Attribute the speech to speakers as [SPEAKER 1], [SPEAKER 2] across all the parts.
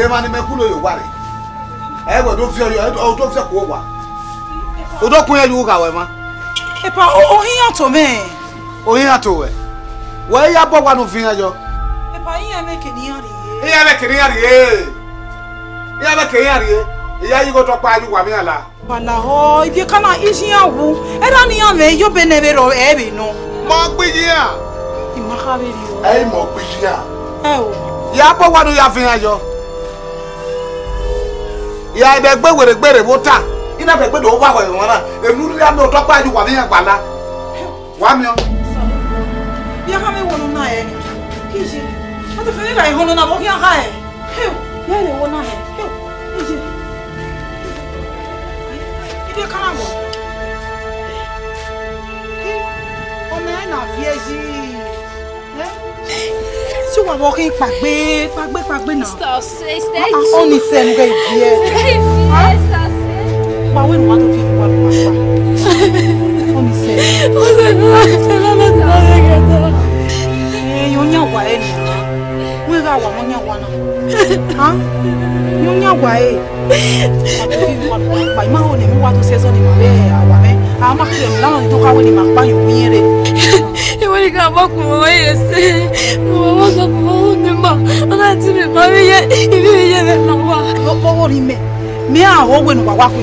[SPEAKER 1] yẹmani mẹkúlò yóò wà rẹ ẹ wẹ tó fi ọyọ ọ tó fẹ kó wà
[SPEAKER 2] o tó kún yẹn ju kà wẹ ma. ìpa oyin yàtọ̀ mẹ́ẹ̀. oyin yàtọ̀ wẹ̀ wẹ́ yà bọ̀ wà nù fi yẹn jọ.
[SPEAKER 3] ìpa iyàn bẹ kìnìyàn
[SPEAKER 2] rèé. iyàn bẹ kìnìyàn
[SPEAKER 1] rèé iyàn bẹ kìnìyàn rèé ìyá yìí kò tó pa ayé wà mí àlà. bàlá
[SPEAKER 3] ọ ibi kánà ìṣìyàwó ẹ dánìyàn mẹ yóò bẹ nẹbẹ rọ ẹ bẹ nù. mọ gbìyànjú.
[SPEAKER 4] ìmọ̀ kábẹ́rì o.
[SPEAKER 1] ẹ mọ̀ gbìyànjú. ẹ o. ìyá bọ̀ wà nù yà fi yẹn jọ ìyá ẹ̀dẹ̀ gbé wèrègbèrè bó tà iná fẹ́ gbé lòó wà wẹ̀ wọn náà èlú rí àmì ọ̀tọ́ pa ju wà ní àgbàlá wà mí o.
[SPEAKER 3] bí aha mi wọnú náà ẹ ni kí n ṣe wọn ti fi nígbà ìhónú náà bó kí aha ẹ yẹ ẹ lè wọ náà ẹ kí n ṣe
[SPEAKER 5] ibi kan náà bọ̀ kí ọmọ ẹ náà fi ẹ yí tí wàá wọ́kí pàgbé
[SPEAKER 3] pàgbé pàgbé náà.
[SPEAKER 5] ó ní sẹ́nu gẹ́ ìdí ẹ̀. wàá wẹ́nu wàá tó fi wà lọ́wọ́ àpá. ó ní sẹ́nu. ó sẹ́nu láti ṣe lálẹ́sìn lọ́rẹ́ gẹ̀ẹ́tọ́. ẹ̀yin ó yàn wá ẹ̀ nù. wọ́n yà wà wọ́n yàn wá
[SPEAKER 3] náà. yóò yàn wá ẹ̀. wàá tó fi wà lọ́wọ́ àpá. ìmáwò lèmi wà tó ṣẹ́sọ́ ni màá bẹ́ẹ̀ àwà bẹ́ẹ̀ àwọn mákèrè mi láwọn ìjọ káwé ni màá pààyàn fún yín rè. ìwé ni ká bọ́ kùn wọ́n yẹ sí mo wọ́n sọ fún wọn ó ní mọ̀ ọ̀nà àti mi máa rí yẹ ibi yẹ rẹ̀ náà wà. lọ́pọ̀wọ́ rí mẹ́ mi àwọn òwe nù wàwá pé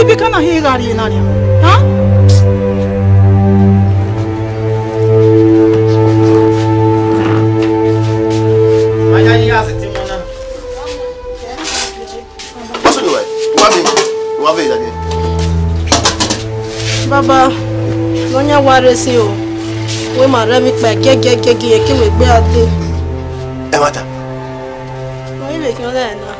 [SPEAKER 3] ibi kan náà yẹ ìrarì náà baba lọnyẹ wa resi o we ma rẹ mi pa gẹgẹgẹgẹ yẹ kí wèé gbé adé. ẹ má ta.
[SPEAKER 5] mo yí lè kí wọn lẹ́yìn náà.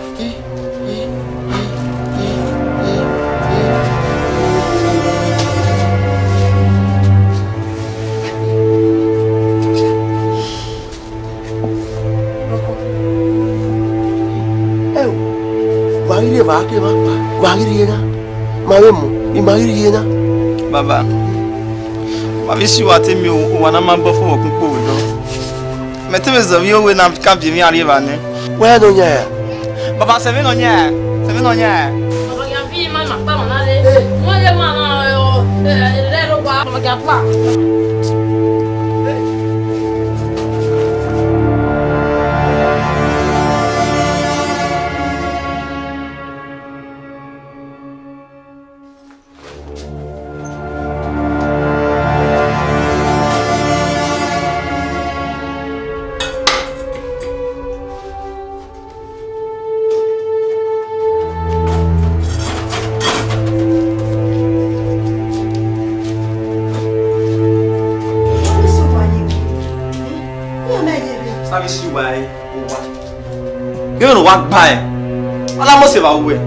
[SPEAKER 6] wangiri vaake vapa vangiri yena mave mu imangiri yena
[SPEAKER 4] bàbá mavi si wa temi wana mambo fo wo kunko wo do me temi zo mi owe na camp mi arriva ne wa do nya bàbá se mi no nya se mi no nya
[SPEAKER 3] bàbá ya vi mama pa mama le mo le mama o le ro pa mama ga pa
[SPEAKER 4] wa gba ẹ alámọ̀sẹ̀ bá wù ẹ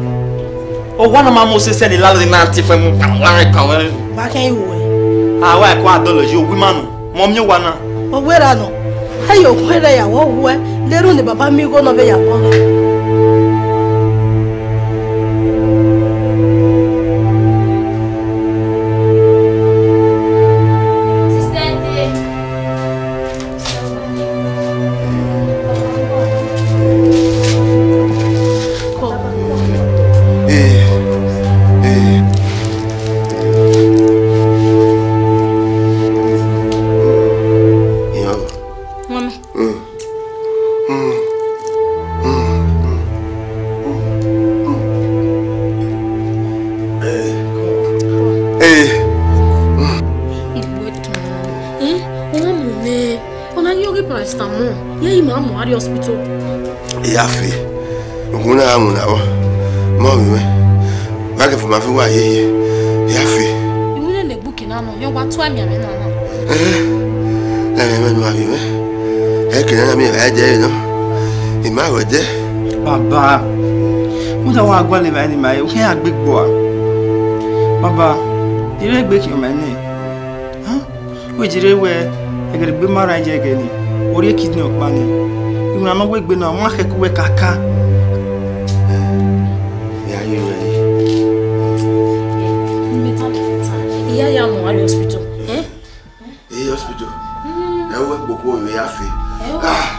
[SPEAKER 4] ọwọ́ náà máa mú ṣe sẹ́ni lálẹ́ náà ti fẹ́ mú láàrin kan ma
[SPEAKER 3] wá kẹ́yìn wò ẹ́.
[SPEAKER 4] àwa ẹ̀kọ́ àdọ́lọ̀ yìí òwú mọ mi wà náà. mi ihe a gbigbo a maba ire gbe ki mene ha we jire we egere gbe mara je geni ori kidney opa ni iwuna no we gbe na ma ke kuwe kaka ya you ready iya ya mo ari hospital
[SPEAKER 5] eh
[SPEAKER 6] eh hospital e we gbogbo we afi
[SPEAKER 3] ah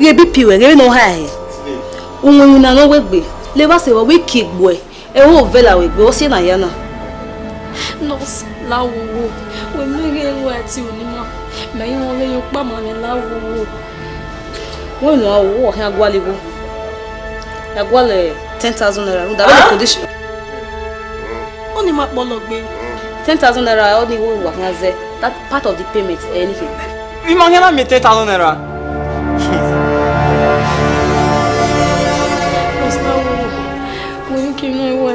[SPEAKER 3] yebipiwe ngebe nohaye unwewina no wegbe na na. nọọsì la wèmírí ẹrù àti onímọ mẹyìn wọn lè yọpá mọlẹ láwòwò. wọn ìnà owó ọ̀hìn agbálẹ̀wò agbálẹ̀ ten thousand naira ń darí ìkòdíṣì. ó ní máa pọ̀ lọ gbé. ten thousand naira ó ní that part of the payment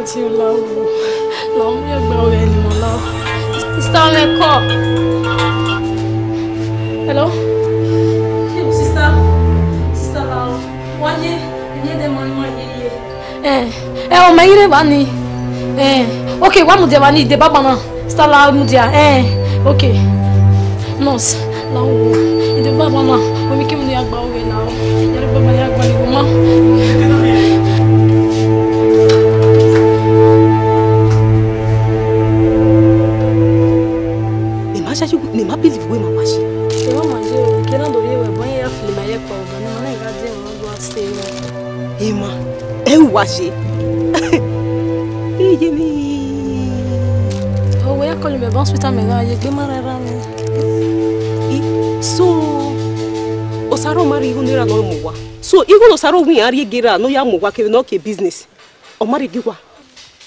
[SPEAKER 3] ti láwù lọ́n bí ẹgbẹ́ ọ̀rẹ́ ni mo láwù. sista ọ̀nà ẹ̀kọ́ hello. hello sista sista láwù
[SPEAKER 5] wáyé ẹ̀yẹ́ dẹ̀ mọ́ ẹ̀mọ́ ẹ̀yẹ́ yẹ.
[SPEAKER 3] ẹ eh, ẹ eh, ọmọ yìí rẹ̀ wá ni ẹ eh, ok wà á mú diẹ wá ní ìdè bàbá náà sista láwù mú diẹ ok nurse láwù ìdè bàbá náà. ne ma believe wey mama she. Ewa manje o ke na dori ewe bonye ya fili ma ye kwa oga ni mana iga de mo do ate ewe. Ema e wa she. Iye mi. Owe ya kọlu me bon hospital me ga ye gbe mara ra mi. So osaro mari ihu nira no mo wa. So ihu osaro wi ari gira no ya mo wa ke no ke business. O mari giwa.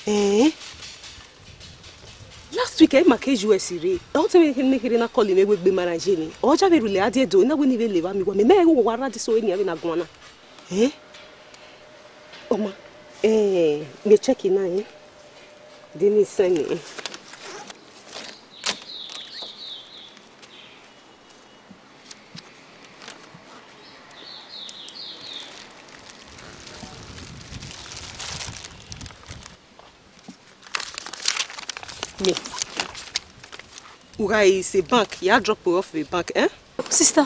[SPEAKER 3] Eh. ke maka eji wesiri otemeke mekere na koli megwe gbe mara jeni ọja berule adị edo na gweni bele ba miwa meme wo wara di so eni na gwana eh oma eh me check na eh dini sani Yes. Ura is e a bank. You had dropped her off a bank, eh? Sister,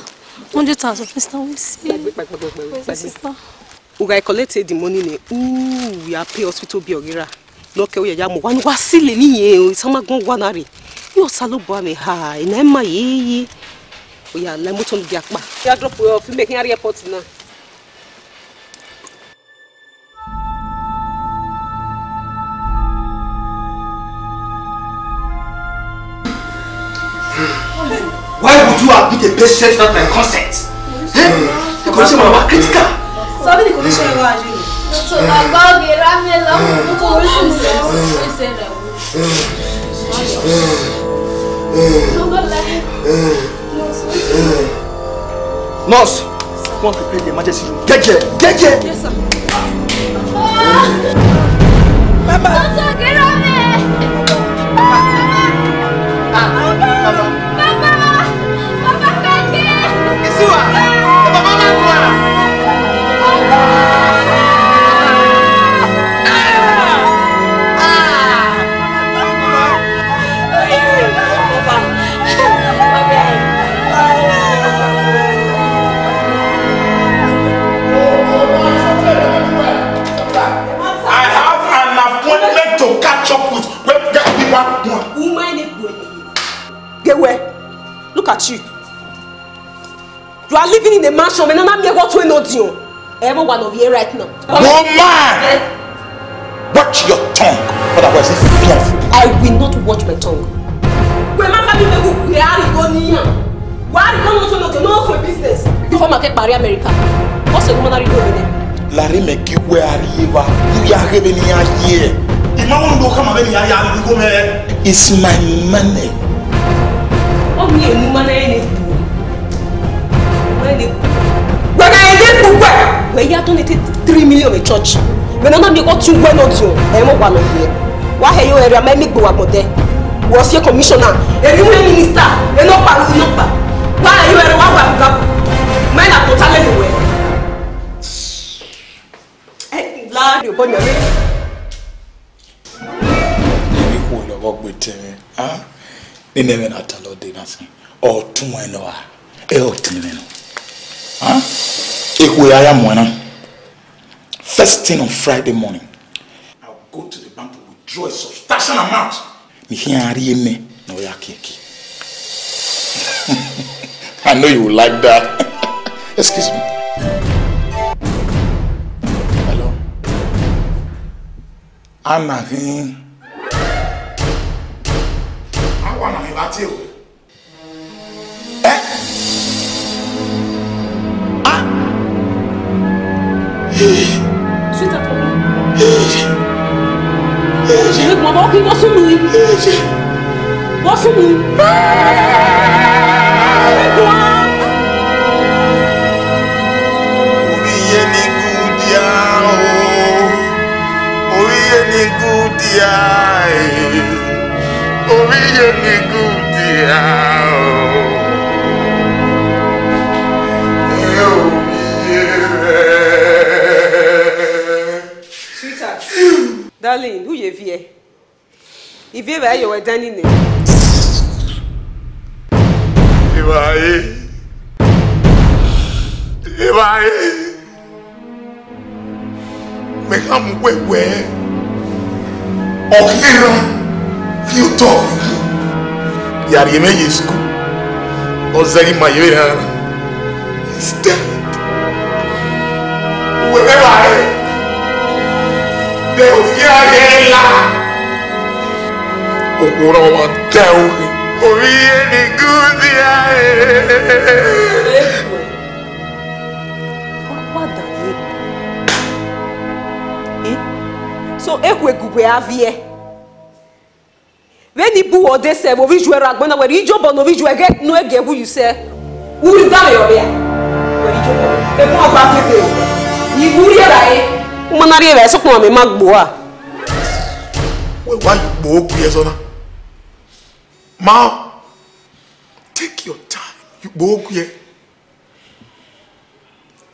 [SPEAKER 3] 100,000. Sister, we see. Where's sister? E collected the money. Ne. Ooh, we are pay hospital bill. Lọ́kẹ́ ó yẹ̀yà mọ̀ wá ní wá sílẹ̀ níyẹn o ìsámágbọ́n going one rè yóò sá ló bọ́ àmì ha ìnáyẹ̀ máa yéye. Ó yà to mọ́tò ń di apá. Yà drop off making yàrá report now. the patient not my consent. The condition was critical. So Sabi the condition you are doing. So about the ramen lamb, look at what you said. You said that.
[SPEAKER 4] Nurse, come on prepare the emergency room. Get here, get here.
[SPEAKER 5] Yes, sir. Ah. Bye bye.
[SPEAKER 1] Look
[SPEAKER 3] at you. You are living in a mansion and I'm here what we know you. Everyone of here right now. No man,
[SPEAKER 1] Watch your tongue, otherwise
[SPEAKER 3] it's fearful. I will not watch my tongue. Before my market Paris America, what's the woman are you doing?
[SPEAKER 1] Larry McGee, where are you? You are having a here. It's my money
[SPEAKER 3] mami èmi mọ náà ẹni kú wẹ́n three million ní church wẹ́n náà mi kọ́ tún wẹ́n náà tún ẹ̀ mọ̀ wà lọ́wọ́ yẹ wà á hẹ́yọ́ ẹ̀rọ àmọ́ ẹ̀mí gbòwà ah. gbọ̀dẹ́ wọ́ sí kọmíṣánná èmi wẹ́ mínísítà iná pa iná pa wà
[SPEAKER 1] á ne nɛmɛ na ata la ɔde na sɛn ɔɔtu mɔɛ no a ɛyɛ ɔtene no ha ekuo yɛ aya mɔɛ no first thing on friday morning i go to the bank to withdraw a substantial amount ne hin areɛ mɛ na ɔyɛ akeeke i know you will like that excuse me. Hello. Anna hin. ìbá tí o. ẹ
[SPEAKER 5] a. sweet at home. Mama, okay, what's with me? What's with me?
[SPEAKER 3] Tijani ne.
[SPEAKER 1] Ibaye. Ibaye. Meka mwewe. Okira. Fiuto. Yari me yisku. Ozeri mayera. He's dead.
[SPEAKER 7] Wewe bae. De ufiare la
[SPEAKER 1] òpòrọ wọn tẹ orí. orí
[SPEAKER 7] èrè gúdì
[SPEAKER 1] ààrẹ.
[SPEAKER 3] pàdánù èkó so èkó egùgbè avie veni bu ode se wo vi juero agbona were ijo bo no vi juero ge no ege wu you se wu da me oria were ijo e mo gba kebe o ni wu ri
[SPEAKER 1] e
[SPEAKER 3] mo na ri e so pon mi ma a
[SPEAKER 1] we wa gbo ku e so na Ma, take your time. You No Igboku ye.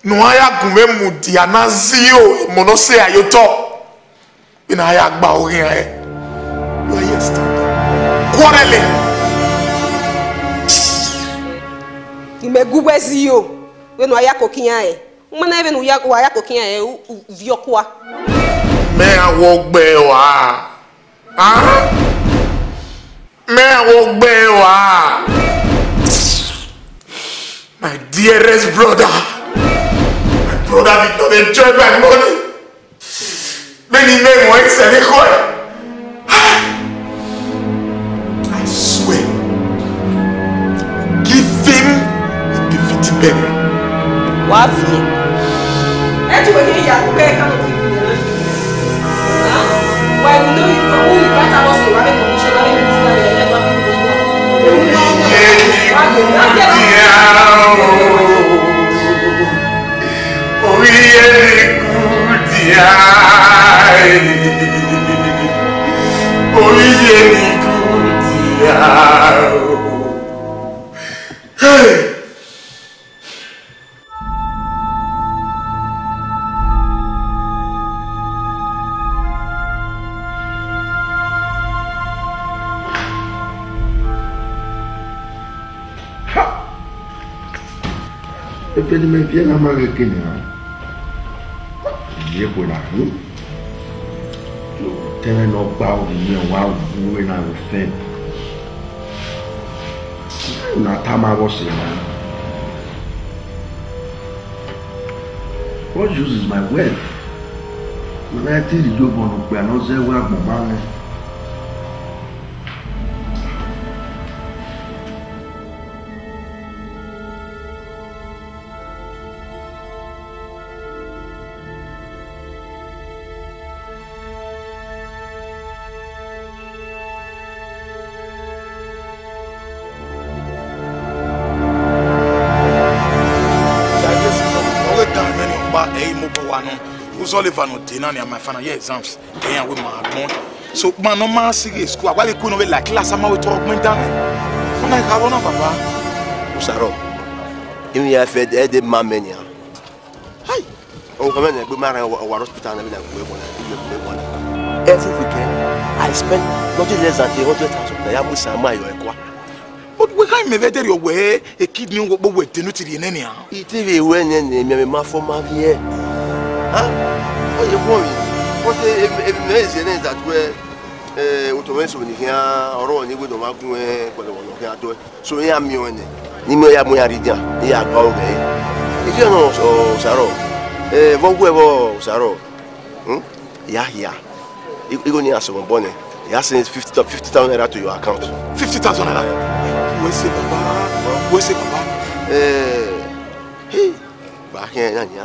[SPEAKER 1] Nuhaya gunwe mudia na zio monose ayoto. Ina haya gba orin aye. You are here standing. Quarreling.
[SPEAKER 3] Imegugwe zio. Wenu haya kokinya aye. Mwana even waya kokinya aye uvyokwa.
[SPEAKER 1] Me awogbe wa. Ah? May Ogbewa, my dearest brother, my brother did not enjoy my money. Many men were in I swear, give him a befitting burial. What's he?
[SPEAKER 3] That's what he is. Why, you know, you can only pass us to ìyá
[SPEAKER 5] Hey!
[SPEAKER 6] experimenté la madre que ni ye ko la ni tẹ́lẹ̀ lọ gba òyìnbó wa wúwe náà ló fẹ́ na tá a máa wọ́ sí ma what use is my wealth? United ìlú ọgbọ̀n ògbà náà zẹ́wọ́ àgbọ̀n máa ń rẹ̀.
[SPEAKER 1] Oliver no dey now near my final year exams. Then I will my admon. So man, no man serious. School. I want to go nowhere like last time I went to augment down. Man, I can't run up, Papa.
[SPEAKER 6] Usaro, even if I had a man mania.
[SPEAKER 1] Hi. Oh,
[SPEAKER 6] come on, we marry our hospital and we we want. Every weekend, I spend nothing less than a hundred thousand naira with Sama Yoekwa. But we can't even tell you where a kidney will be waiting to the nenia. It is a way, and my former here ɔyɛ hɔn kɔsɛ emɛnze ne zatuɛ ɛɛ wotɔmɛ sɔmini hɛn ɔrɔ ne gbɛdɔ ma kun ɛ kɔlɔkɔlɔ hɛn atɔ sɔmi y'a miɔ ne ni mi y'a mɔnyari diyan ne y'a gba o bɛɛ ye ifi yɛn ɔ sarɔ ɛɛ fɔku yɛ bɔ sarɔ hun y'a yà i ko ni y'a sɔgɔn bɔ ne y'a send fifty thousand fifty thousand naira to your account. fifty thousand naira wese baba wese baba. ɛɛ he baa kɛn yɛn na nin ya.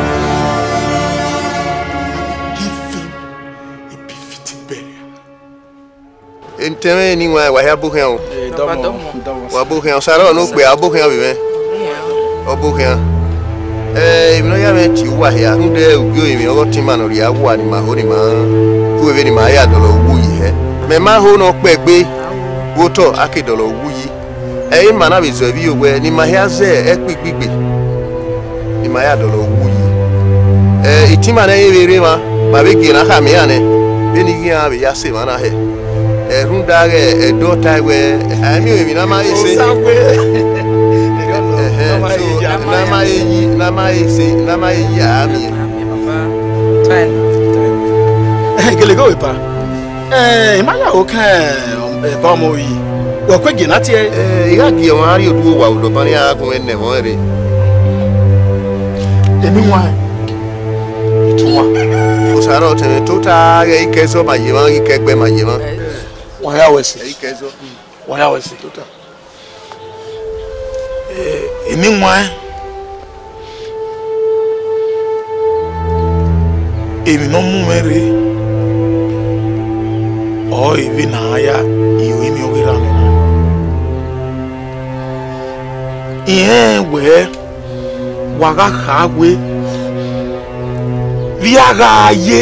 [SPEAKER 8] ntɛmɛ ni wa eh, wa eh, ya bohɛn o wa bohɛn o sarɔ n'o kpe a bohɛn bi mɛ o bohɛn ɛɛ minɛ ya mɛ ti wa ya n dɛ o yi mi ɔkɔ ma ya wa ni ma o ni ma ko ebe ni ma ya dɔlɔ wu yi hɛ mɛ ma kpɛ gbe wotɔ ake dɔlɔ wu yi eh, ma na zɔ ebi yi wɛ ni ma ya zɛ ɛkpi ni ma ya dɔlɔ wu yi ɛɛ ẹ̀rú dára ẹ̀dọ́ táwẹ̀ àmì òmì náà máa ń ṣe. náà máa ń yí náà máa ń ṣe náà máa ń yí àmì.
[SPEAKER 6] gẹlẹgẹ òwe pa ìmáyàwó kan
[SPEAKER 8] ẹ̀bá ọmọ yìí wọ́n pé gìnà tiẹ̀. ìyá di ọmọ arí òdúwò wà òdò bá ní arákùnrin nẹ̀ wọ́n rè.
[SPEAKER 1] èmi wọn ìtumọ̀.
[SPEAKER 8] kò sáré ọ̀tẹ̀rẹ̀ tó tá a rẹ̀ ikẹ́ màyè mọ́ ikẹ́ gbẹ́ màyè mọ́ wayawese wayawese
[SPEAKER 1] èmi wọn èmi náà mú mẹ́rin ọ̀ èmi náà yá ìwé mi wíra mi náà ìyẹn wẹ́ wàrà kàwé rí ara ayé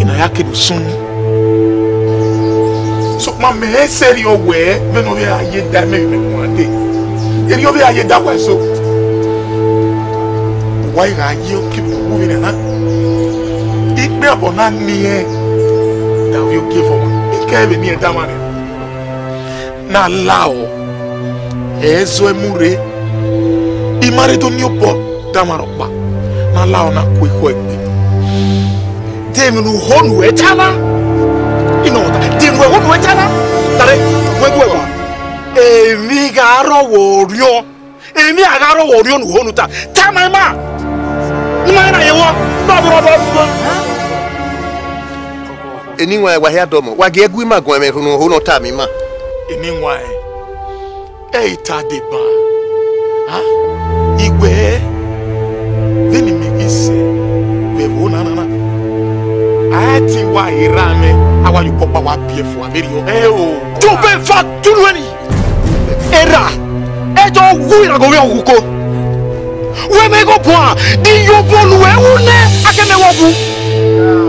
[SPEAKER 1] ìnáyà kìlú sún ni mame eseri owe meno ve aye da me me mwande eri ove aye da wa so wa ira aye o keep moving na ikpe abo na ni e da we o give for me ke be ni e da mane na lao ezo emure imare to ni opo da maro pa na lao na kwe kwe temi lu honu etala wetara èmi gà-arọ̀wọ̀ òrìọ́ èmi àgárọ̀wọ̀ òrìọ́ nùhónù ta ọ na mmanà yìí wọ́ bàbúrọ̀bọ̀ bọ̀.
[SPEAKER 8] èmi ń wá ẹ wáyé àdọ́mọ̀ wàgé ẹgbẹ́ mà gan ẹ̀mẹ̀ ìhùnú òhónù ta mi mà. èmi ń mi
[SPEAKER 1] awa yóò pọpọ awa bíẹ fún abẹ́rẹ́ yọ. ẹ o. tó bẹ́ẹ̀ fa tulu ẹni. ẹ ra ẹ jọ wú ìràgọ́ wíwá òkú ko wẹ́mẹ́ kó pọ̀ à di yóò bọ́ọ̀lù ẹ̀ wú lẹ́ akẹ́mẹ́wọ́ bu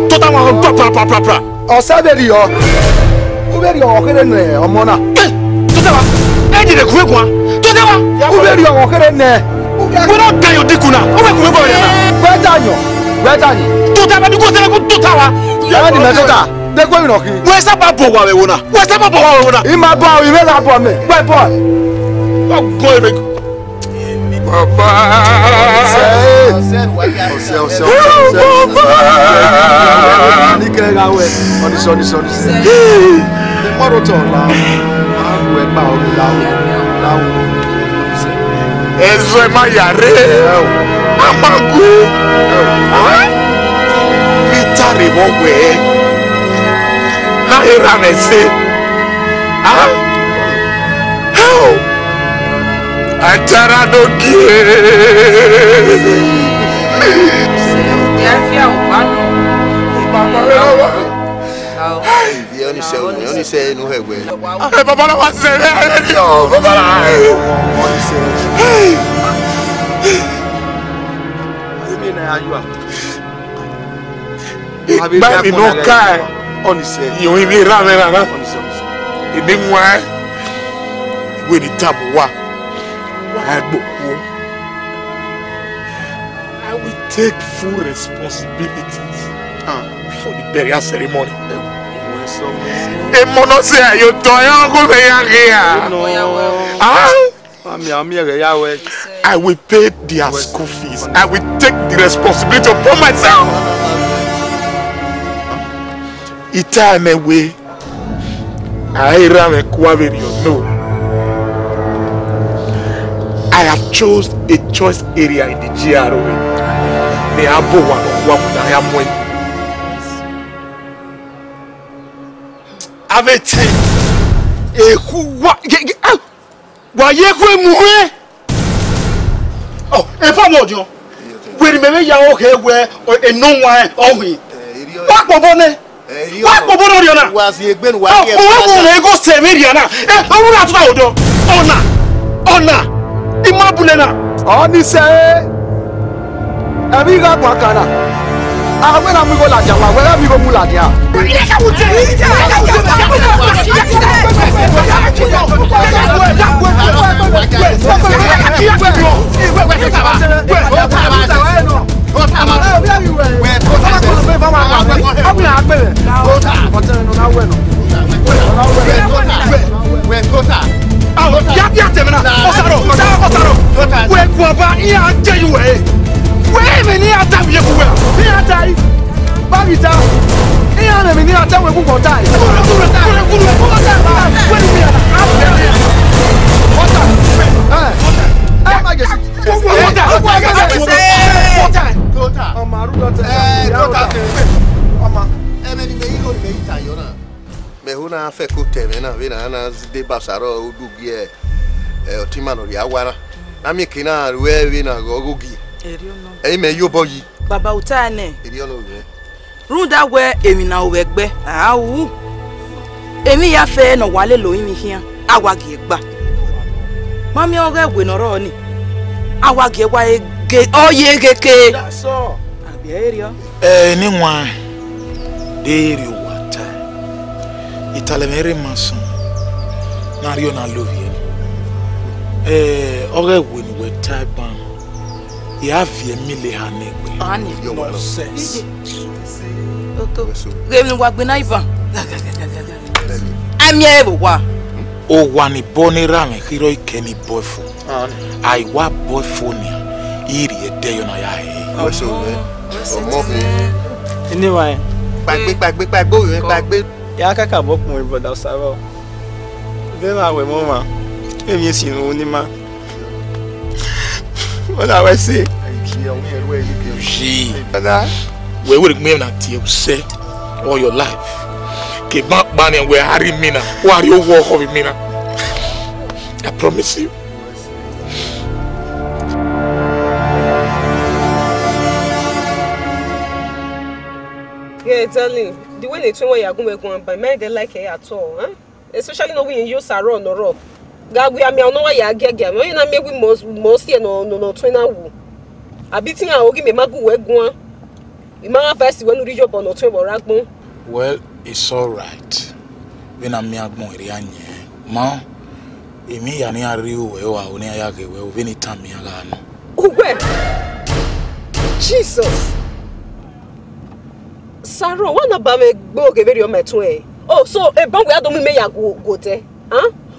[SPEAKER 1] tó táwọn ọ̀hún tó pàràpàràpàrà. ọ̀sẹ̀ bẹ́ẹ̀ rí ọ
[SPEAKER 4] ó bẹ́ẹ̀ rí ọ̀wọ́ kéré nẹ̀ ọmọ náà. tó tẹ́ wa ẹ̀ dìde kúrẹ́ kùn wa tó tẹ́ wa
[SPEAKER 2] ó bẹ́ẹ̀ rí ọ̀wọ́ kéré nẹ̀. wọ́n náà gàyàn dínkù náà ó bẹ́ẹ̀ kúrẹ́ kọ́ yẹn náà. wẹ́ẹ́ dàyàn wẹ́ẹ́ dàyàn. tó tẹ́ wa dúkú de gómìnà kiri. wọ́n sábà bọ̀
[SPEAKER 6] wà wẹ̀wò náà wọ́n sábà bọ̀ wà wẹ̀wò náà. ìmọ̀ bọ̀ ìwé la bọ̀ mi gbẹ bọ̀. ọgbọ́n èmi.
[SPEAKER 5] bàbá ọ̀sẹ̀
[SPEAKER 8] ọ̀sẹ̀ ọ̀sẹ̀
[SPEAKER 2] bàbá. ní kẹrẹ ra wẹ ọdísọ ọdísọ ọdísọ. mọ́tòtò làwọn máa ń wẹ̀ bá ọ̀rọ̀ làwọn làwọn.
[SPEAKER 1] ẹ̀zọ́ ẹ̀ máa yàrá ẹ̀ amagun mítà rè wọ́n wẹ̀ ẹ́. Now he ran and said, Huh? How?
[SPEAKER 7] Atara no Hey,
[SPEAKER 8] Papa, I want to say, hey, Papa, hey. You mean I are
[SPEAKER 1] you? Buy me no car ọ̀nìṣẹ́ ìyẹn òun ìbílẹ̀ rárá rárá ọ̀nìṣẹ́ ọ̀nìṣẹ́ èmi ń wá eh? ìwé ní táàbù wá I will take full responsibilities for the burial ceremony. Èmo náà ṣe àyòtọ̀ ẹ̀ ọ́kọ́ fẹ́ yá kí yá. Ah. Mami, I will pay their school fees. I will take the responsibility upon myself itame we airame kwaverio no I have chose a choice area in the GRO. ne abo wa no wa mu na ya mu avete eku wa wa ye ku mu he oh e fa mo jo we remember ya o he we o enunwa e ohun wa po bone wa kò bọ́dọ̀ rí ọ̀nà owó
[SPEAKER 4] kò lè kó
[SPEAKER 2] sẹ̀mí rí ọ̀nà ẹ ọ̀run náà tún àwòdọ̀ ọ̀nà na, ìmọ̀ abúlé náà. ọ ní sẹ́ẹ́ ẹ̀mí ìgbà pàkàrà
[SPEAKER 4] awɛ na mi ko ladiya wa awɛ na mi ko mu ladiya.
[SPEAKER 2] yabiya tɛmɛna ɔsaro ɔsaro ɔsaro wɛ guaba i y'a jɛ yi wɛ ye wɛ e mɛ n'i y'a ta u ye ko wɛ kure ku kota ni kure kure kure kure ku kota kure ku ya na
[SPEAKER 5] kota
[SPEAKER 8] eh eh ma jesi kota kota kota ọmọ arúgbó tẹ ẹ kota ọmọ ẹ mẹni mẹ yìí lórí mẹ yìí tayọ náà. mẹ hu náà fẹ kó tẹ mẹ náà bí náà náà dé ruda we emi na gbe awu
[SPEAKER 3] emi ya fe no wale lo imi hia awa egba mami oge gwe noro ni awa abi
[SPEAKER 1] erio ni nwa deri wata italemere maso na rio na lovie eh oge gwe ni we ìhàfì ẹ̀mí lè hàn ní ìpè nonsense. rèmi wa gbin náà ìbọn àmì ẹ̀rọ wa. o wà ní bọ́ ní ràn hírọ̀ ìkẹ́ ní bọ́ ẹ̀fọ́ àìwá bọ́ ẹ̀fọ́ ni ìrì ẹ̀dẹ́yọ̀ náà yà ẹ̀.
[SPEAKER 4] ẹni wa ẹ. gbàgbé gbàgbé gbàgbé òyìnbó gbàgbé. ìyá kàkà bọ́ kùnrin bọ̀dà sára ọ bẹ́ẹ̀ máa wẹ̀ mọ́ ma èmi sì ń ronú ní ma wona wɛse
[SPEAKER 1] wɛwere kumɛ na tiɛ sɛ all your life keba kpani wɛ hari mina wari owó ɔkɔ bi mina I promise you.
[SPEAKER 3] Yeah, darling, the way they turn when you're going to go and buy, men they like it at all, huh? Especially you know when you use a run or rock gagwe mi ono wa ya gege mi na mewi mo se no no no twin na wu abi ogi me magu we gun mi ma first we nu ri job no twin bora gbon
[SPEAKER 1] well it's all right we na mi agbon ri anye ma èmi yà ní ariwo ẹ wà ó ní ayáàgẹwẹ ó bí ní tàmí ara nù.
[SPEAKER 3] uwe jesus saro wọn náà bá mi gbé ògèbèrè ọmọ ẹtún ẹ oh so ebọn wíyá domi mẹyà gòtẹ. Huh?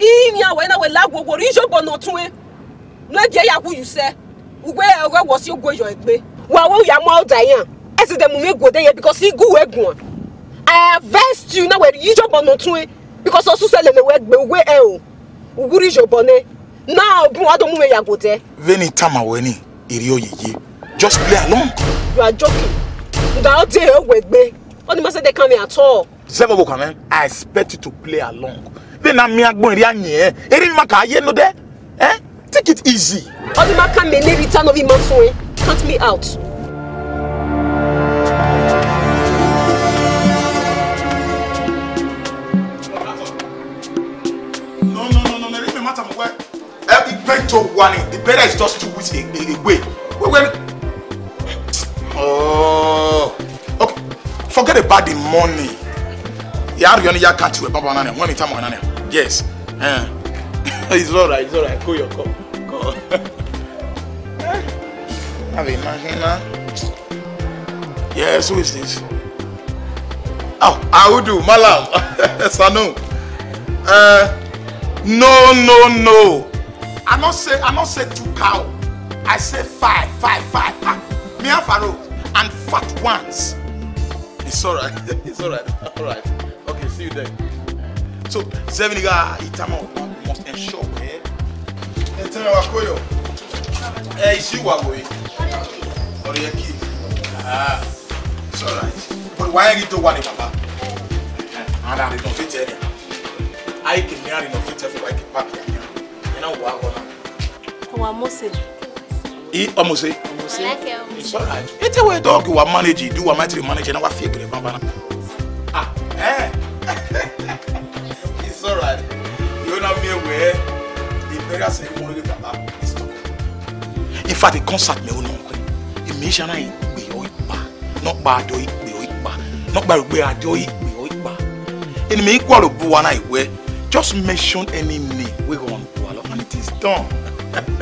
[SPEAKER 3] inya wena we la gwo ri jo gbono tun e na je ya ku yuse ugwe ore wo si ogwo yo egbe wa wo ya mo da yan e se dem me go dey here because igu we gun i vest you na we ri jo gbono tun e because osu sele me we egbe we e o uguri jo bone na ogun wa do mu me ya go te
[SPEAKER 1] veni tama weni iri oyeye just play along
[SPEAKER 3] you are joking nga o dey we egbe oni ma say they come here at all
[SPEAKER 1] Zebo Bokamen, I expect you to play along de na mi agbon ri anye eri mi maka aye no de eh take it easy
[SPEAKER 3] odi maka me le return
[SPEAKER 1] of him so eh me out no no no no no it matter mo where every to one the better is just two weeks away wait wait oh okay forget about the money yàrá ni yà kàtì wẹ̀ bàbá nana wọ́n mi tà mọ̀ nana yes eh. it's alright it's alright go your cup go. Ave Mahina. Yes, who is this? Oh, Audu, Malam, Sanu. Uh, no, no, no. I not say I not say two cow. I say five, five, five. Ah, me and Faro and fat ones. It's alright. It's alright. Alright. Okay, see you there. So, Zevniga Itamo must ensure, eh? Hey, tell me what Koyo. Eh, it's you, Wagoy. Or your kid. Ah, it's alright. But why are you doing what, Papa? Eh, and I don't fit any. I can't marry no fit if I can pack it. You know what, Wagoy? Wa eh, oh, Mose. I almost say. It's alright. It's a way dog you are managing, do a mighty manager, and I feel good. Ah, eh? it's alright you no me aware the burial ceremony wey baba is to in fact the concert mi ò nà ọkọ ìmísí ara ìgbè ọ ìgbà nọkpa àjọ ìgbè ọ ìgbà nọkpa ìgbè àjọ ìgbè ọ ìgbà ẹni mi kú àròbó wa náà ìwẹ just mention any name we go on to allow and it is done.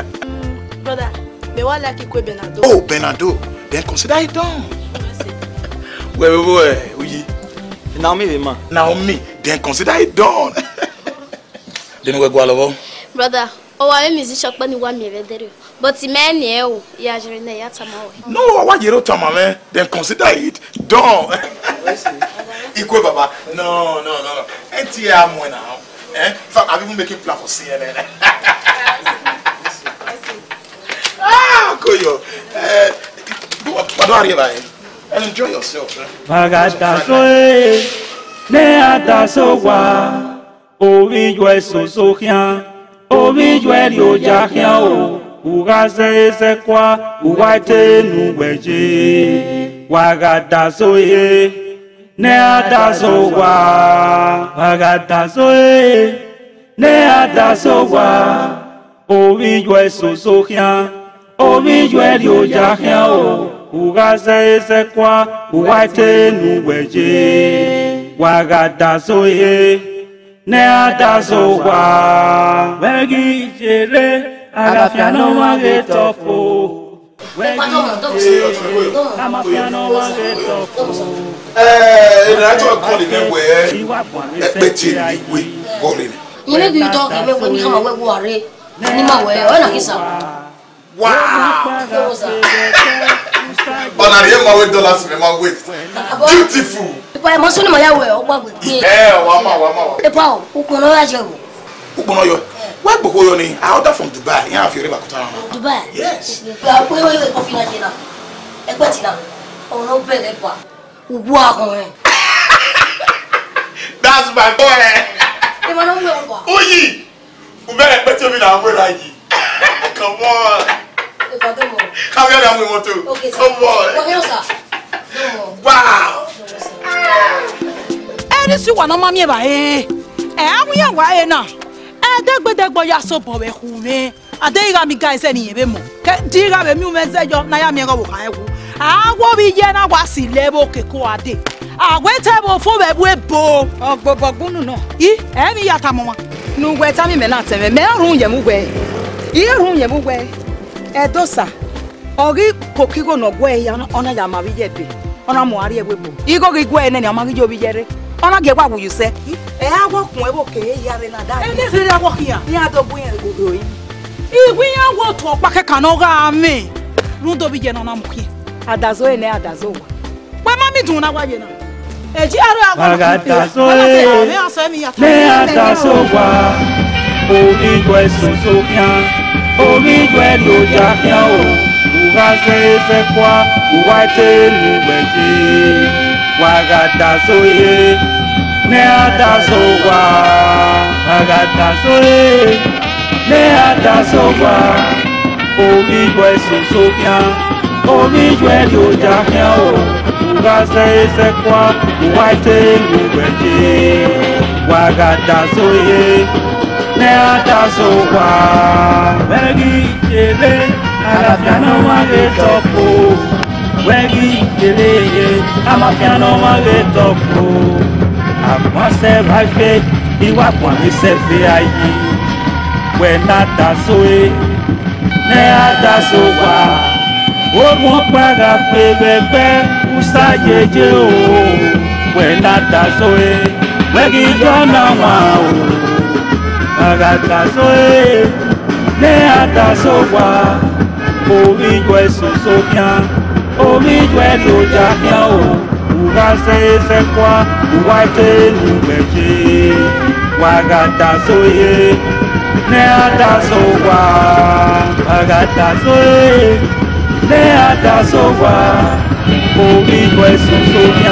[SPEAKER 1] brother
[SPEAKER 3] me wan like ikwe benado. oh
[SPEAKER 1] benado then consider it done. wẹ́ẹ́ wẹ́ẹ́ wẹ́ẹ́. Naomi be ma. Naomi, then consider it done. Then we go lobo.
[SPEAKER 3] Brother, oh, owa we mizi You want me to do? But me ni e o, ya jere na No, tama we.
[SPEAKER 1] No, to jere tama me, then consider it done. Ikwe baba. No, no, no, no. Enti ya mo na. Eh? In fact, I've even making plan for CNN. ah, Koyo. Eh, do what do I realize? and enjoy yourself.
[SPEAKER 7] Agatasoe, ne atasowa, ovijwe sosohian, ovijwe riojahian o, se se ugase esekwa, uwaite nugweje. Wagatasoe, ne a da so wa atasowa, Wagatasoe, ne a da so wa atasowa, ovijwe sosohian, ovijwe riojahian o, ugazesekwa uwaitenu weje wagadazoye neadazowa wegijere agafianowagetofo
[SPEAKER 1] ìrìnàjò gọ́ọ̀lì mẹ́wẹ́ ẹgbẹ́tì ìwé gọ́ọ̀lì.
[SPEAKER 3] yẹn níbi ìtọ́ kì í mẹ́wẹ́ ní kama wẹ́wọ́ àárẹ̀ ní ma wẹ́ ọ́ nà kí sà.
[SPEAKER 1] wáá ọ̀nà rẹ̀ máa wé dọ́là sí mi máa wé beautiful. ipa ẹ̀ mọ sọ́nà mọ̀ yàwó ẹ̀ ọgbà gbé. ẹ ẹ wà á mà wà á mà wà. ipa náà yà o. okun náà yọ wá gbogbo yọ ni i order from dubai yẹn àfi orí bàkútà rán.
[SPEAKER 3] dubai yes. ìgbà pé ó yọ ìbọn fi náà jẹ náà ẹgbẹ́ ti náà ọ̀rọ̀ bẹ̀rẹ̀ pa
[SPEAKER 1] òwú akọrin. that's my boy. ìmọ̀ ló ń gbé wọn pa. mo bẹ̀rẹ̀ pẹ́ tí omi là ń wéra yìí come on. Come here, nǹkan tó mọ̀. kábíyàdà Come on. Come ó bọ̀ wow.
[SPEAKER 3] ẹni sì wà náà má mi bá yé ẹ amúyẹ wá yé náà ẹdẹgbẹdẹgbọ yà sọ bọ bẹ kú mi àdéhìrà mi ga ẹsẹ nìyẹn bẹ mọ kẹ dìhìrà bẹ mi ò mẹsẹ jọ náà yà mi ẹkọ wò ká ẹ kú àwọn bí yẹ náà wá sí lẹ́bọ̀ kẹ́kọ̀ọ́ adé àwẹ̀ tẹ́ mo fún bẹ̀ bú ẹ bò. ọgbọgbọ gbónú náà. yí ẹ mi yàtà mọ wọn. nu wẹ tami mẹ náà tẹmẹ mẹ rún yẹmú wẹ yí rún yẹmú wẹ. edosa ogi kokigo no gwe ya ona ya ma biye pe ona mo ari ewe bo igo gi gwe ne ni ama gi jo biye re ona ge gwa wu you e ha gwa kun e ke ya re na da e ne se ya gwa kia ni ado gwe ya go go yi igwe ya gwa to pa ke kan oga mi ru do biye na na mu kia adazo e ne adazo wa pa ma mi dun na wa ye na eji aru agwa na adazo e ne adazo wa
[SPEAKER 7] o igwe so so kia omigwe do jahia o uhaze eze kwa uwaite nugbeki wagata soye ne adasowa agata soye ne adasowa omigwe sosopia omigwe do jahia o uhaze eze kwa uwaite nugbeki wagata soye neata sopa wẹ́gì jèlé àlàáfíà náà wà lè tọ́pò wẹ́gì jèlé yẹ àmàfíà náà wà lè tọ́pò àpọ́nsẹ́ ráfẹ́ ìwà pọ̀nmísẹ́ fẹ́ ayé wẹ́ náta sóye neata sopa ogun padà fẹ́gbẹ́gbẹ́ kúsá jẹjẹ o we náta sóye wẹ́gì jọ́nà wà o agatasoe ne atasowa omijue sosokya omijue dojakya o se se te uvasesekwa uvatenumeje wagatasoe ne atasowa agatasoe ne atasowa omijue sosokya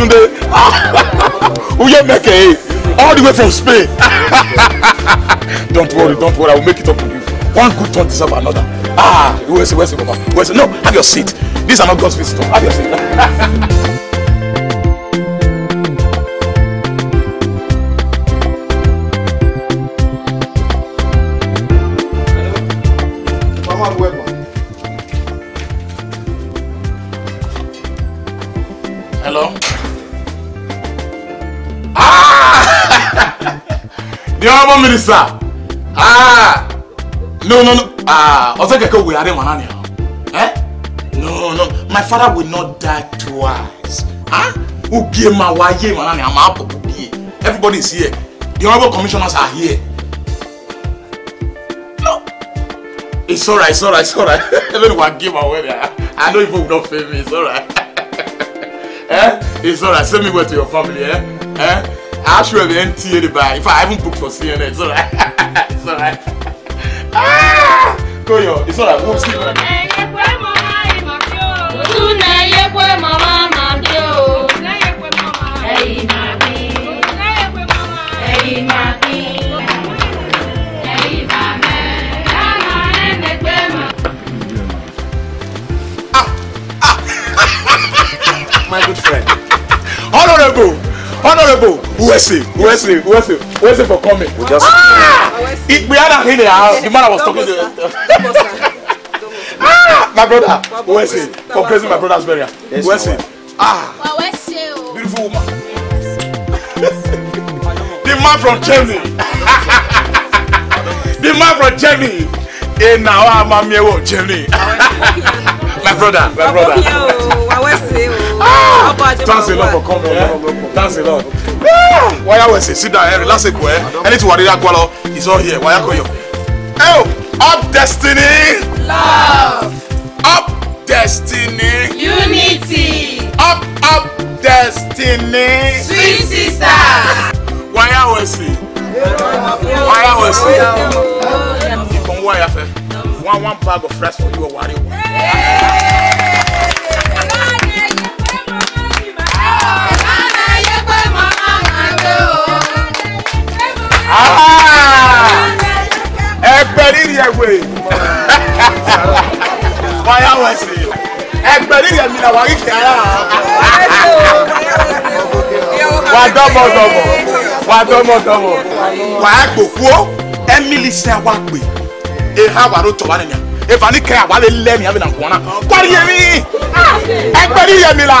[SPEAKER 1] Yetunde. it all the way from Spain. don't worry, don't worry, I will make it up to you. One good turn deserves another. Ah, where's where's the No, have your seat. These are not God's visitors. Have your seat. minister ah no no no ah oseke ko we are mana ni eh no no my father will not die twice ah ugie ma wa ye mana ni ama apo ugie everybody is here the honorable commissioners are here no it's alright, it's alright, it's alright. even if i give away there i know if will not fail me it's alright. eh it's alright. send me word to your family eh eh I should have NTA the bag. In fact, I even booked for CNN. It's alright. it's alright.
[SPEAKER 5] Ah!
[SPEAKER 1] Go, yo. It's alright. We'll see. honorable Uwese Uwese Uwese Uwese for coming. We just ah! it, we had a in the The man I was talking to. ah, my brother Uwese for praising my brother's burial. Yes, Uwese ah
[SPEAKER 5] oh? beautiful woman.
[SPEAKER 1] the man from Germany. the man from Germany. Hey, eh, now I'm a mere Germany. my brother, my brother. Oh, oh.
[SPEAKER 5] ah!
[SPEAKER 1] Thanks a lot for coming. Thanks a lot wáyà wẹ̀sẹ̀ sit down ẹ̀rì lásìkò ẹ̀ ẹni tí wà ní agbọ́ lọ all here wáyà kọyọ. ẹ o up destiny. love. up destiny. unity. up up destiny. sweet sisters. wáyà wẹ̀sẹ̀ wáyà wẹ̀sẹ̀ ìbọn wáyà fẹ́ one one bag of rice for you ọ̀wárí o. Ah! ẹgbẹ̀rún yẹ wẹ̀ fire wẹ̀sì ẹgbẹ̀rún yẹ mi wà kíkì ara wà dọ́mọdọ́mọ wà dọ́mọdọ́mọ wà á gbòkúó emily sẹ́ wà gbé eha wà ló efa ni kẹ lẹ yẹ
[SPEAKER 5] mi yẹ
[SPEAKER 1] mi la.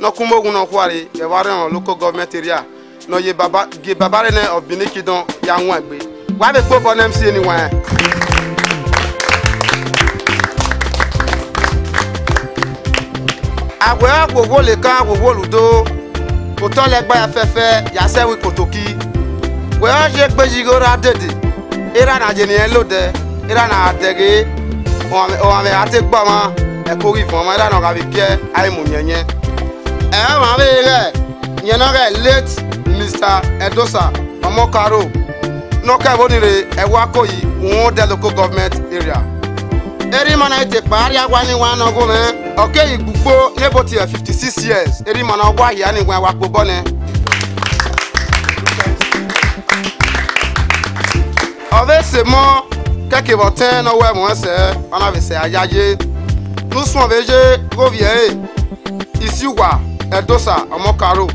[SPEAKER 2] no kumogu no kwari ye ware on local government area no ye baba ge babare ne of Benin ya nwa gbe wa be gbo bo MC ni wa agwe agwowo le kan agwowo ludo òtọ́ lẹ gbá afẹ́fẹ́ yasẹ́wì kòtòkì wẹ́ ọ́ ṣe gbẹ́jìgò ra dèdè ìrà nà jẹ̀ nìyẹn lóde ìrà nà àdẹ̀gẹ́ ọ̀hàmẹ̀ àti gbọ́mọ ẹ̀kọ́ ìfọ̀mọ́ ìrà nà ọ̀gá fi kí ẹ àìmọ̀ yẹn yẹn ɛɛma eh, bee ɣɛ nyɛnɔɣɛ late mr edosa mamo karo nɔkɛ bonire ɛwa e koyi ŋu de local government area eri mana ete kpaari awani wa nɔgo mɛ ɔkɛ igbugbo nebo tiɛ e fifty six years eri mana ɔbɔ ahia ni wɛn wa kpo bɔnɛ. ɔbɛ se mɔ kɛkɛ bɔ tɛn na wɛ mɔ sɛ ɔna bɛ sɛ ayaye nusrɔ̀bɛ ye goviɛ ye isiwa edosa omokaro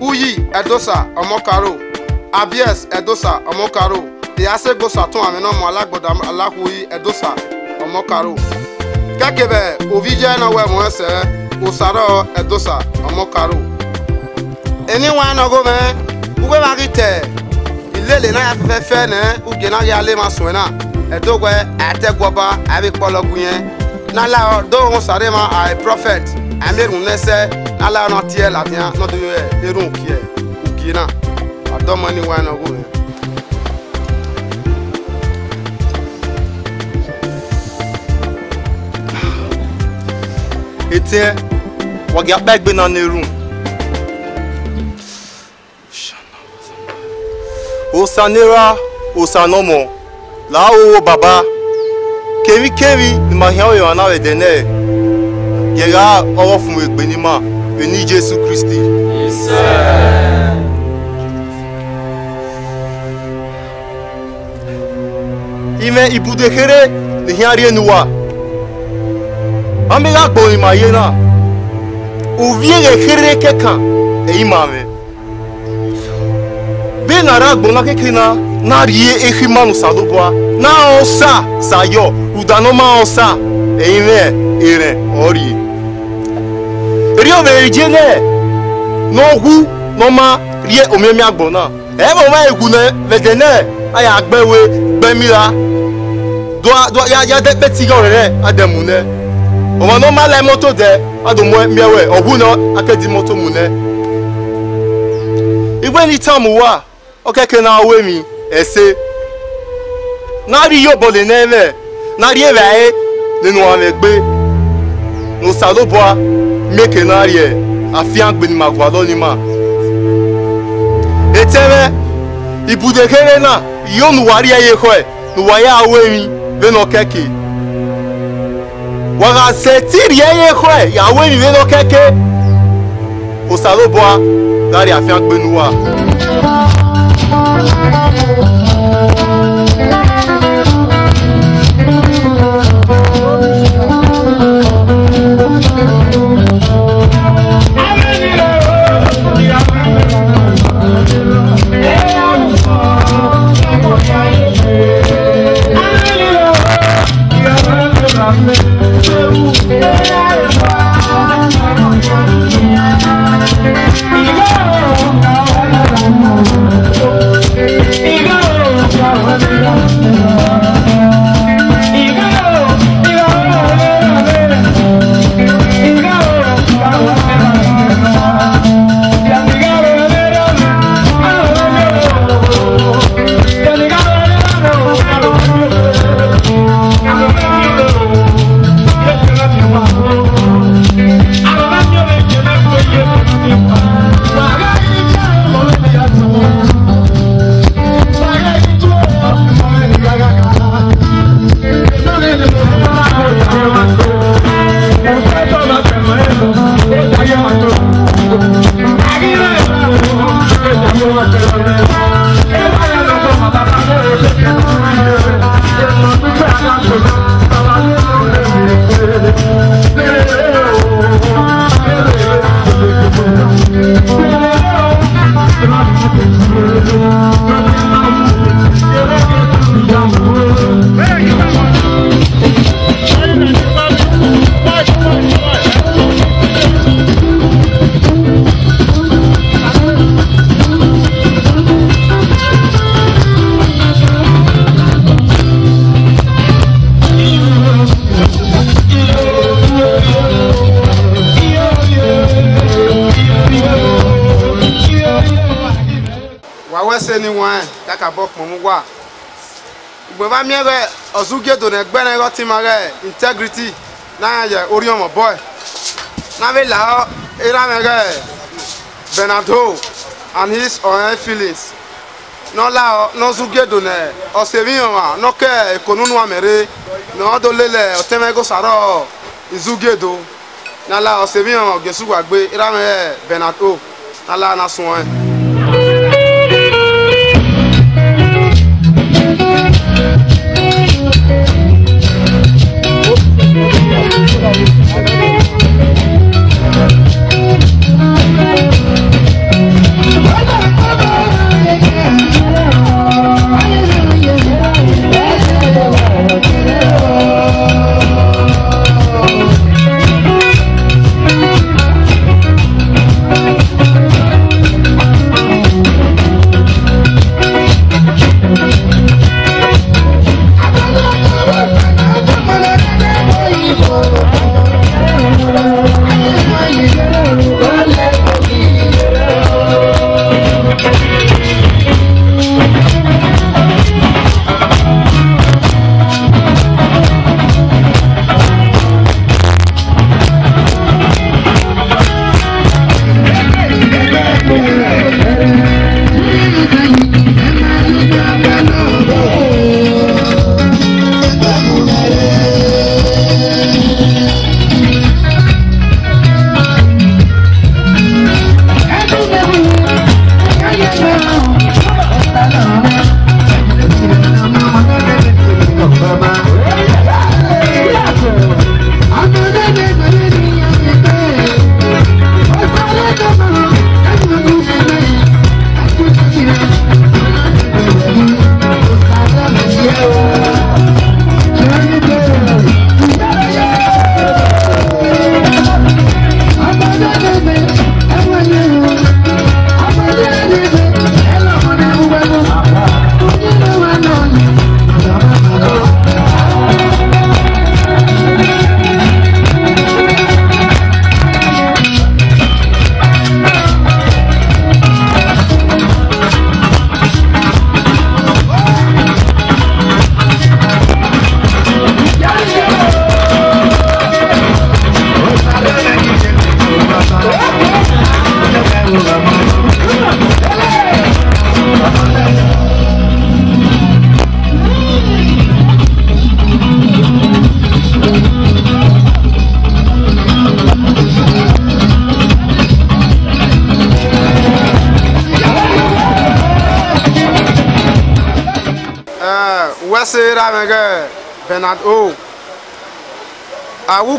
[SPEAKER 2] uyi edosa omokaro abies edosa omokaro ìyáṣẹ́ gbòsà tún àmì náà mọ́ alágbọ̀dá edosa omokaro kẹ́kẹ̀bẹ̀ òvíjẹ́ náà wẹ̀ mọ́ ẹsẹ̀ edosa omokaro ẹni wọn náà gómẹ wúgbẹ máa kí tẹ ìlélẹ̀ náà yà fẹ́fẹ́ fẹ́ nẹ ugè náà yà lé máa sùn náà ẹ̀dógbẹ àtẹ́gbọ́ba àbí kpọ́lọ́gùn yẹn náà láwọ dóhùn sàrẹ́ máa ɛmɛ irun nɛsɛ n'ala yɔrɔ tiɛ lafiya n'o tɛ yɛ irun kiɛ u a dɔ ni wɛn na o yɛ. E. etie
[SPEAKER 4] wagi akpa gbe na osanera osanomo laawowo baba keri keri ni mahia oyo anawedene yẹra ọwọ́ fún ègbè nímọ̀ ẹni Jésù Kristi. Ìṣẹ́. ime ibudekere n'ihiarị enuwa amịra gbọrọ ịma ihe na uviere kere keka eimame benara gbọna keke na narie ehi mmanụ sadụbụa na ọsa sayo udanoma ọsa eime ere ọrịa ri obere jie ne n'ogwu n'ọma rie omemi agbọ na ebe ọma egwu na vete ne aya agbewe gbemira ya dekpe tiga orere ademu ne ọma n'ọma la moto de adomo e, miewe ọgwu na akedi moto mu ne igwe ni tamu wa okeke na awe mi ese na ri yobole na eme na ri ebe aye nínú àwọn ẹgbẹ́ nùsàlóbọ́à meke na ariɛ afia gbeni magua lɔ ni ma etɛmɛ ibudekele na yɔ nuwari ye xɔɛ nuwaya awemi be nɔ kɛke waga sɛtiriɛ ye xɔɛ yawemi be nɔ kɛke osalo bɔa lari afia gbenu wa.
[SPEAKER 2] zuge do ne gbɛ ne ti ma integrity na yɛ oriyɔmɔ boy. na bi la ira mɛ kɛ bernardo and his or her feelings nɔ la nɔ zuge do ne ɔsɛmiyɔn ma nɔ kɛ ekonunu amere no do o lɛ ɔtɛmɛ ko sarɔ izuge do na la o ɔsɛmiyɔn ma gesu gbagbe ira mɛ kɛ bernardo na la na sɔn ɛ. Thank you.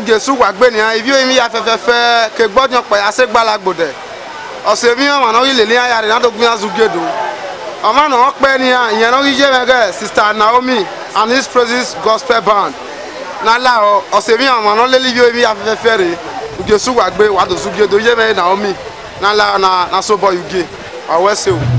[SPEAKER 2] yevu jesu wagbe nia eviwo mi ya fefefe ke gbɔdɔ kpɛ ase gbala gbode ɔsɛ mi wɔn anɔ yi lele aya de na do gbia zuge do ɔma nɔ kpɛ nia yɛn nɔ yi dze mɛ sista naomi and his praises gospel band na la ɔ ɔsɛ mi wɔn anɔ leli viwo mi ya fefefe de jesu wagbe wa do zuge do yi dze mɛ naomi na la na na so bɔ yuge ɔwɛ se o.